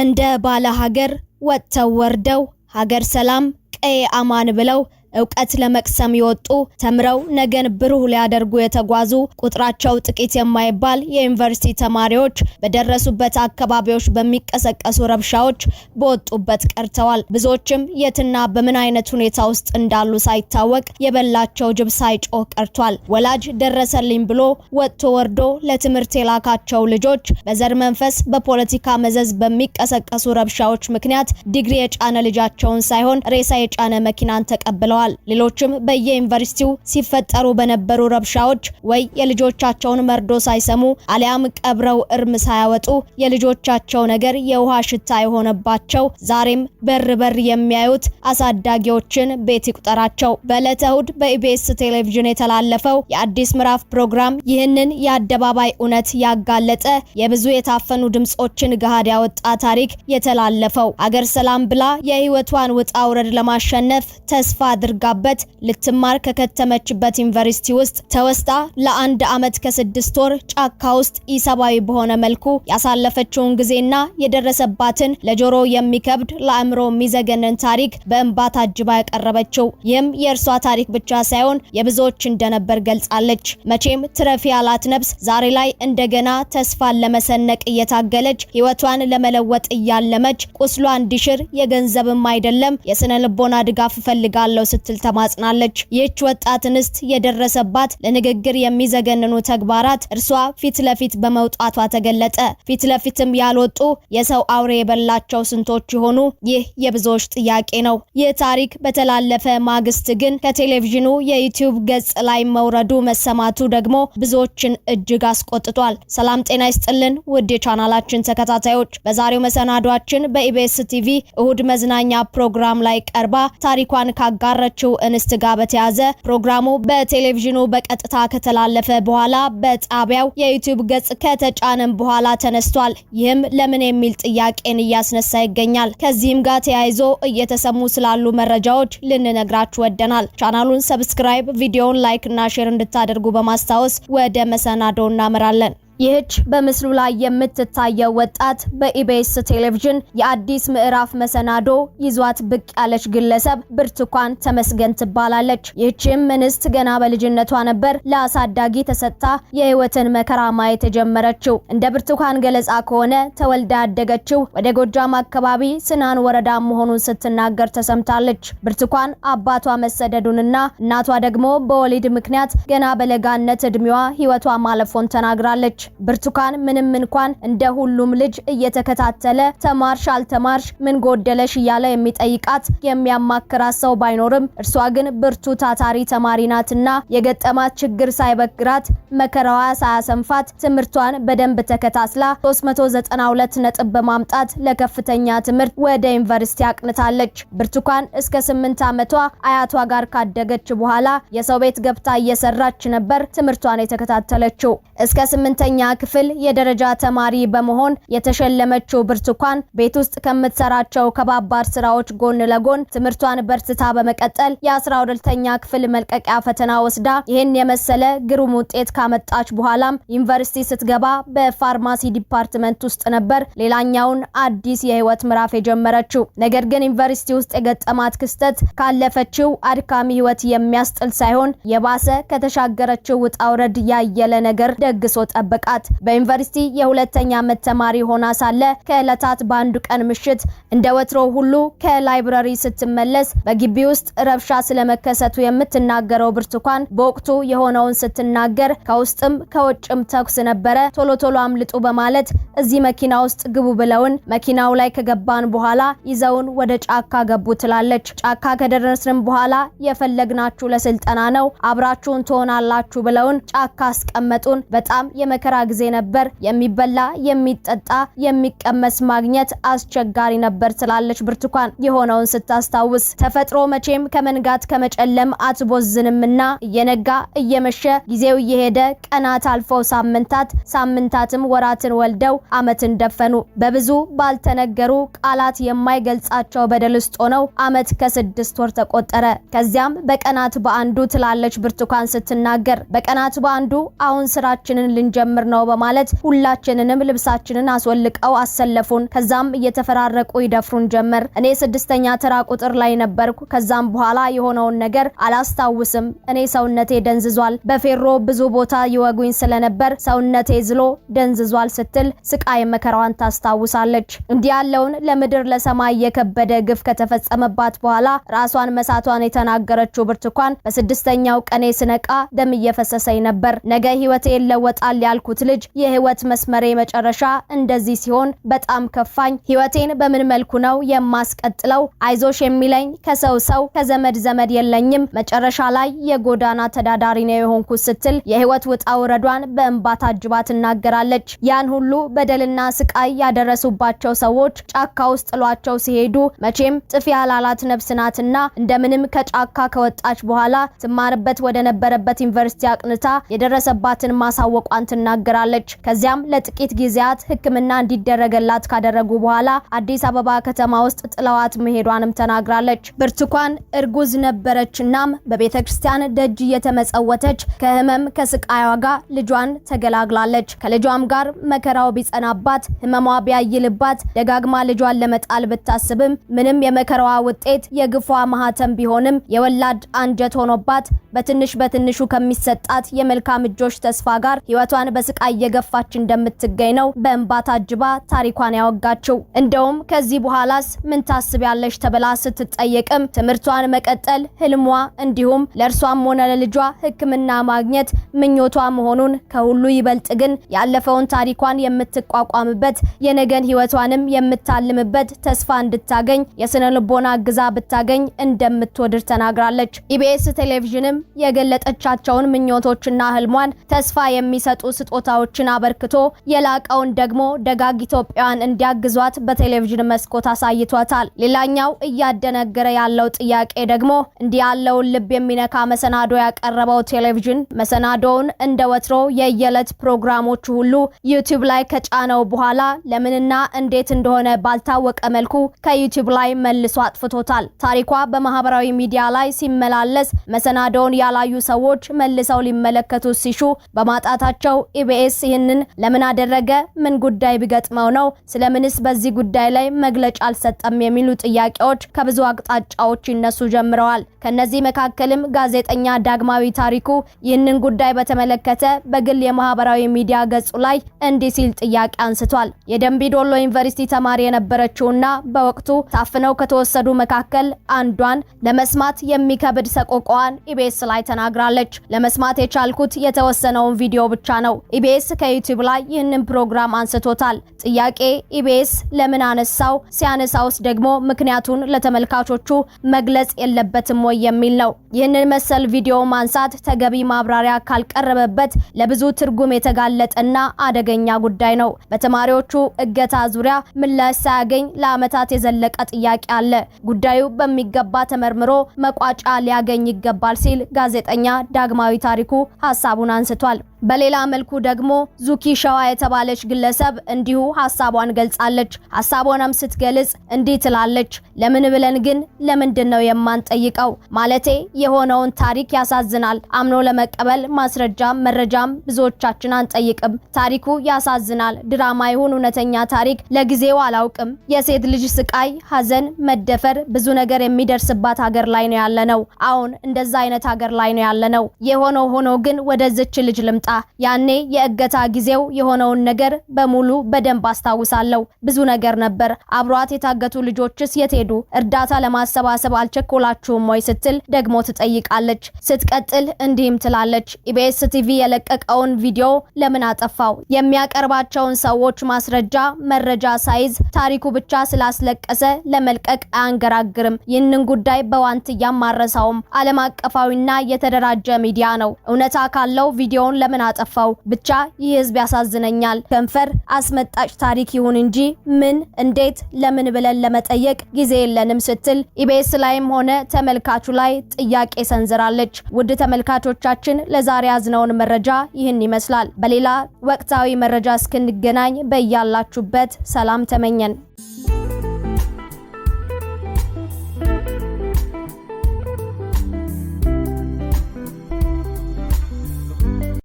እንደ ባለ ሀገር ወጥተው ወርደው ሀገር ሰላም ቀይ አማን ብለው እውቀት ለመቅሰም የወጡ ተምረው ነገን ብሩህ ሊያደርጉ የተጓዙ ቁጥራቸው ጥቂት የማይባል የዩኒቨርሲቲ ተማሪዎች በደረሱበት አካባቢዎች በሚቀሰቀሱ ረብሻዎች በወጡበት ቀርተዋል። ብዙዎችም የትና በምን አይነት ሁኔታ ውስጥ እንዳሉ ሳይታወቅ የበላቸው ጅብ ሳይጮህ ቀርቷል። ወላጅ ደረሰልኝ ብሎ ወጥቶ ወርዶ ለትምህርት የላካቸው ልጆች በዘር መንፈስ፣ በፖለቲካ መዘዝ በሚቀሰቀሱ ረብሻዎች ምክንያት ዲግሪ የጫነ ልጃቸውን ሳይሆን ሬሳ የጫነ መኪናን ተቀብለዋል። ተገድለዋል። ሌሎችም በየዩኒቨርሲቲው ሲፈጠሩ በነበሩ ረብሻዎች ወይ የልጆቻቸውን መርዶ ሳይሰሙ አሊያም ቀብረው እርም ሳያወጡ የልጆቻቸው ነገር የውሃ ሽታ የሆነባቸው ዛሬም በር በር የሚያዩት አሳዳጊዎችን ቤት ይቁጠራቸው። በዕለተ እሁድ በኢቢኤስ ቴሌቪዥን የተላለፈው የአዲስ ምዕራፍ ፕሮግራም ይህንን የአደባባይ እውነት ያጋለጠ የብዙ የታፈኑ ድምጾችን ገሃድ ያወጣ ታሪክ የተላለፈው አገር ሰላም ብላ የህይወቷን ውጣ ውረድ ለማሸነፍ ተስፋ አድርጋበት ልትማር ከከተመችበት ዩኒቨርሲቲ ውስጥ ተወስዳ ለአንድ ዓመት ከስድስት ወር ጫካ ውስጥ ኢሰብአዊ በሆነ መልኩ ያሳለፈችውን ጊዜና የደረሰባትን ለጆሮ የሚከብድ ለአእምሮ የሚዘገንን ታሪክ በእንባ ታጅባ ያቀረበችው ይህም የእርሷ ታሪክ ብቻ ሳይሆን የብዙዎች እንደነበር ገልጻለች። መቼም ትረፊ ያላት ነብስ ዛሬ ላይ እንደገና ተስፋን ለመሰነቅ እየታገለች ህይወቷን ለመለወጥ እያለመች ቁስሏ እንዲሽር የገንዘብም አይደለም የስነ ልቦና ድጋፍ እፈልጋለሁ ስትል ተማጽናለች። ይህች ወጣት እንስት የደረሰባት ለንግግር የሚዘገንኑ ተግባራት እርሷ ፊት ለፊት በመውጣቷ ተገለጠ። ፊት ለፊትም ያልወጡ የሰው አውሬ የበላቸው ስንቶች የሆኑ ይህ የብዙዎች ጥያቄ ነው። ይህ ታሪክ በተላለፈ ማግስት ግን ከቴሌቪዥኑ የዩቲዩብ ገጽ ላይ መውረዱ መሰማቱ ደግሞ ብዙዎችን እጅግ አስቆጥቷል። ሰላም ጤና ይስጥልን ውድ የቻናላችን ተከታታዮች በዛሬው መሰናዷችን በኢቢኤስ ቲቪ እሁድ መዝናኛ ፕሮግራም ላይ ቀርባ ታሪኳን ካጋረ ከሰራችው እንስት ጋር በተያዘ ፕሮግራሙ በቴሌቪዥኑ በቀጥታ ከተላለፈ በኋላ በጣቢያው የዩቲዩብ ገጽ ከተጫነም በኋላ ተነስቷል። ይህም ለምን የሚል ጥያቄን እያስነሳ ይገኛል። ከዚህም ጋር ተያይዞ እየተሰሙ ስላሉ መረጃዎች ልንነግራችሁ ወደናል። ቻናሉን ሰብስክራይብ፣ ቪዲዮውን ላይክ እና ሼር እንድታደርጉ በማስታወስ ወደ መሰናዶ እናመራለን። ይህች በምስሉ ላይ የምትታየው ወጣት በኢቢኤስ ቴሌቪዥን የአዲስ ምዕራፍ መሰናዶ ይዟት ብቅ ያለች ግለሰብ ብርቱካን ተመስገን ትባላለች። ይህችም እንስት ገና በልጅነቷ ነበር ለአሳዳጊ ተሰጥታ የህይወትን መከራ ማየት የጀመረችው። እንደ ብርቱካን ገለጻ ከሆነ ተወልዳ ያደገችው ወደ ጎጃም አካባቢ ስናን ወረዳ መሆኑን ስትናገር ተሰምታለች። ብርቱካን አባቷ መሰደዱንና እናቷ ደግሞ በወሊድ ምክንያት ገና በለጋነት እድሜዋ ህይወቷ ማለፎን ተናግራለች። ብርቱካን ምንም እንኳን እንደ ሁሉም ልጅ እየተከታተለ ተማርሽ አልተማርሽ ምን ጎደለሽ እያለ የሚጠይቃት የሚያማክራት ሰው ባይኖርም እርሷ ግን ብርቱ ታታሪ ተማሪ ናትና የገጠማት ችግር ሳይበግራት መከራዋ ሳያሰንፋት ትምህርቷን በደንብ ተከታትላ 392 ነጥብ በማምጣት ለከፍተኛ ትምህርት ወደ ዩኒቨርሲቲ አቅንታለች። ብርቱካን እስከ 8 ዓመቷ አያቷ ጋር ካደገች በኋላ የሰው ቤት ገብታ እየሰራች ነበር ትምህርቷን የተከታተለችው። እስከ 8 ኛ ክፍል የደረጃ ተማሪ በመሆን የተሸለመችው ብርቱካን ቤት ውስጥ ከምትሰራቸው ከባባድ ስራዎች ጎን ለጎን ትምህርቷን በርትታ በመቀጠል የአስራ ሁለተኛ ክፍል መልቀቂያ ፈተና ወስዳ ይህን የመሰለ ግሩም ውጤት ካመጣች በኋላም ዩኒቨርሲቲ ስትገባ በፋርማሲ ዲፓርትመንት ውስጥ ነበር ሌላኛውን አዲስ የህይወት ምዕራፍ የጀመረችው። ነገር ግን ዩኒቨርሲቲ ውስጥ የገጠማት ክስተት ካለፈችው አድካሚ ህይወት የሚያስጥል ሳይሆን የባሰ ከተሻገረችው ውጣ ውረድ ያየለ ነገር ደግሶ ጠበቃ ሰዓት በዩኒቨርሲቲ የሁለተኛ ዓመት ተማሪ ሆና ሳለ ከዕለታት በአንዱ ቀን ምሽት እንደ ወትሮ ሁሉ ከላይብረሪ ስትመለስ በግቢ ውስጥ ረብሻ ስለመከሰቱ የምትናገረው ብርቱካን በወቅቱ የሆነውን ስትናገር ከውስጥም ከውጭም ተኩስ ነበረ፣ ቶሎ ቶሎ አምልጡ በማለት እዚህ መኪና ውስጥ ግቡ ብለውን መኪናው ላይ ከገባን በኋላ ይዘውን ወደ ጫካ ገቡ ትላለች። ጫካ ከደረስንም በኋላ የፈለግናችሁ ለስልጠና ነው አብራችሁን ትሆናላችሁ ብለውን ጫካ አስቀመጡን። በጣም የመከ በመከራ ጊዜ ነበር የሚበላ የሚጠጣ የሚቀመስ ማግኘት አስቸጋሪ ነበር ትላለች ብርቱካን የሆነውን ስታስታውስ። ተፈጥሮ መቼም ከመንጋት ከመጨለም አትቦዝንምና እየነጋ እየመሸ ጊዜው እየሄደ ቀናት አልፈው ሳምንታት ሳምንታትም ወራትን ወልደው አመትን ደፈኑ። በብዙ ባልተነገሩ ቃላት የማይገልጻቸው በደል ውስጥ ሆነው አመት ከስድስት ወር ተቆጠረ። ከዚያም በቀናት በአንዱ ትላለች ብርቱካን ስትናገር፣ በቀናት በአንዱ አሁን ስራችንን ልንጀምር ጭምር ነው በማለት ሁላችንንም ልብሳችንን አስወልቀው አሰለፉን። ከዛም እየተፈራረቁ ይደፍሩን ጀመር። እኔ ስድስተኛ ተራ ቁጥር ላይ ነበርኩ። ከዛም በኋላ የሆነውን ነገር አላስታውስም። እኔ ሰውነቴ ደንዝዟል። በፌሮ ብዙ ቦታ ይወጉኝ ስለነበር ሰውነቴ ዝሎ ደንዝዟል ስትል ስቃይ መከራዋን ታስታውሳለች። እንዲህ ያለውን ለምድር ለሰማይ የከበደ ግፍ ከተፈጸመባት በኋላ ራሷን መሳቷን የተናገረችው ብርቱካን በስድስተኛው ቀኔ ስነቃ ደም እየፈሰሰኝ ነበር። ነገ ህይወቴ ይለወጣል ያልኩ ያሳደግኩት ልጅ የህይወት መስመሬ መጨረሻ እንደዚህ ሲሆን በጣም ከፋኝ። ህይወቴን በምን መልኩ ነው የማስቀጥለው? አይዞሽ የሚለኝ ከሰው ሰው ከዘመድ ዘመድ የለኝም። መጨረሻ ላይ የጎዳና ተዳዳሪ ነው የሆንኩት ስትል የህይወት ውጣ ውረዷን በእንባ ታጅባ ትናገራለች። ያን ሁሉ በደልና ስቃይ ያደረሱባቸው ሰዎች ጫካ ውስጥ ጥሏቸው ሲሄዱ መቼም ጥፊ ያላላት ነፍስ ናትና እንደምንም ከጫካ ከወጣች በኋላ ትማርበት ወደ ነበረበት ዩኒቨርሲቲ አቅንታ የደረሰባትን ማሳወቋን ትናገራለች። ትናገራለች። ከዚያም ለጥቂት ጊዜያት ሕክምና እንዲደረገላት ካደረጉ በኋላ አዲስ አበባ ከተማ ውስጥ ጥለዋት መሄዷንም ተናግራለች። ብርቱካን እርጉዝ ነበረች። እናም በቤተ ክርስቲያን ደጅ እየተመጸወተች ከህመም ከስቃይዋ ጋር ልጇን ተገላግላለች። ከልጇም ጋር መከራው ቢጸናባት ህመሟ ቢያይልባት ደጋግማ ልጇን ለመጣል ብታስብም ምንም የመከራዋ ውጤት የግፏ ማህተም ቢሆንም የወላድ አንጀት ሆኖባት በትንሽ በትንሹ ከሚሰጣት የመልካም እጆች ተስፋ ጋር ህይወቷን በስ ስቃይ እየገፋች እንደምትገኝ ነው በእንባ ታጅባ ታሪኳን ያወጋችው። እንደውም ከዚህ በኋላስ ምን ታስቢያለሽ ተብላ ስትጠየቅም ትምህርቷን መቀጠል ህልሟ እንዲሁም ለእርሷም ሆነ ለልጇ ሕክምና ማግኘት ምኞቷ መሆኑን ከሁሉ ይበልጥ ግን ያለፈውን ታሪኳን የምትቋቋምበት የነገን ህይወቷንም የምታልምበት ተስፋ እንድታገኝ የስነ ልቦና እገዛ ብታገኝ እንደምትወድር ተናግራለች። ኢቢኤስ ቴሌቪዥንም የገለጠቻቸውን ምኞቶችና ህልሟን ተስፋ የሚሰጡ ስጦ ስጦታዎችን አበርክቶ የላቀውን ደግሞ ደጋግ ኢትዮጵያውያን እንዲያግዟት በቴሌቪዥን መስኮት አሳይቷታል። ሌላኛው እያደነገረ ያለው ጥያቄ ደግሞ እንዲህ ያለውን ልብ የሚነካ መሰናዶ ያቀረበው ቴሌቪዥን መሰናዶውን እንደ ወትሮ የየዕለት ፕሮግራሞቹ ሁሉ ዩቲዩብ ላይ ከጫነው በኋላ ለምንና እንዴት እንደሆነ ባልታወቀ መልኩ ከዩቲዩብ ላይ መልሶ አጥፍቶታል። ታሪኳ በማህበራዊ ሚዲያ ላይ ሲመላለስ መሰናዶውን ያላዩ ሰዎች መልሰው ሊመለከቱ ሲሹ በማጣታቸው ኢቢኤስ ይህንን ለምን አደረገ? ምን ጉዳይ ቢገጥመው ነው? ስለምንስ በዚህ ጉዳይ ላይ መግለጫ አልሰጠም? የሚሉ ጥያቄዎች ከብዙ አቅጣጫዎች ይነሱ ጀምረዋል። ከነዚህ መካከልም ጋዜጠኛ ዳግማዊ ታሪኩ ይህንን ጉዳይ በተመለከተ በግል የማህበራዊ ሚዲያ ገጹ ላይ እንዲህ ሲል ጥያቄ አንስቷል። የደምቢ ዶሎ ዩኒቨርሲቲ ተማሪ የነበረችውና በወቅቱ ታፍነው ከተወሰዱ መካከል አንዷን ለመስማት የሚከብድ ሰቆቋዋን ኢቢኤስ ላይ ተናግራለች። ለመስማት የቻልኩት የተወሰነውን ቪዲዮ ብቻ ነው። ኢቢኤስ ከዩቲዩብ ላይ ይህንን ፕሮግራም አንስቶታል። ጥያቄ ኢቢኤስ ለምን አነሳው? ሲያነሳውስ ደግሞ ምክንያቱን ለተመልካቾቹ መግለጽ የለበትም ወይ የሚል ነው። ይህንን መሰል ቪዲዮ ማንሳት ተገቢ ማብራሪያ ካልቀረበበት ለብዙ ትርጉም የተጋለጠና አደገኛ ጉዳይ ነው። በተማሪዎቹ እገታ ዙሪያ ምላሽ ሳያገኝ ለዓመታት የዘለቀ ጥያቄ አለ። ጉዳዩ በሚገባ ተመርምሮ መቋጫ ሊያገኝ ይገባል ሲል ጋዜጠኛ ዳግማዊ ታሪኩ ሀሳቡን አንስቷል። በሌላ መልኩ ደግሞ ዙኪ ሸዋ የተባለች ግለሰብ እንዲሁ ሀሳቧን ገልጻለች። ሀሳቧንም ስትገልጽ እንዲህ ትላለች። ለምን ብለን ግን ለምንድን ነው የማንጠይቀው? ማለቴ የሆነውን ታሪክ ያሳዝናል። አምኖ ለመቀበል ማስረጃም መረጃም ብዙዎቻችን አንጠይቅም። ታሪኩ ያሳዝናል። ድራማ ይሁን እውነተኛ ታሪክ ለጊዜው አላውቅም። የሴት ልጅ ስቃይ፣ ሀዘን፣ መደፈር፣ ብዙ ነገር የሚደርስባት ሀገር ላይ ነው ያለነው። አሁን እንደዛ አይነት ሀገር ላይ ነው ያለነው። የሆነው ሆኖ ግን ወደዚች ልጅ ልምጣ ያኔ የእገታ ጊዜው የሆነውን ነገር በሙሉ በደንብ አስታውሳለሁ። ብዙ ነገር ነበር። አብሯት የታገቱ ልጆችስ የት ሄዱ? እርዳታ ለማሰባሰብ አልቸኮላችሁም ወይ ስትል ደግሞ ትጠይቃለች። ስትቀጥል እንዲህም ትላለች፣ ኢቢኤስ ቲቪ የለቀቀውን ቪዲዮ ለምን አጠፋው? የሚያቀርባቸውን ሰዎች ማስረጃ መረጃ ሳይዝ ታሪኩ ብቻ ስላስለቀሰ ለመልቀቅ አያንገራግርም። ይህንን ጉዳይ በዋንትያም ማረሳውም። ዓለም አቀፋዊና የተደራጀ ሚዲያ ነው። እውነታ ካለው ቪዲዮውን ለምን ስምን አጠፋው። ብቻ ይህ ህዝብ ያሳዝነኛል። ከንፈር አስመጣጭ ታሪክ ይሁን እንጂ ምን፣ እንዴት፣ ለምን ብለን ለመጠየቅ ጊዜ የለንም ስትል ኢቢኤስ ላይም ሆነ ተመልካቹ ላይ ጥያቄ ሰንዝራለች። ውድ ተመልካቾቻችን ለዛሬ ያዝነውን መረጃ ይህን ይመስላል። በሌላ ወቅታዊ መረጃ እስክንገናኝ በያላችሁበት ሰላም ተመኘን።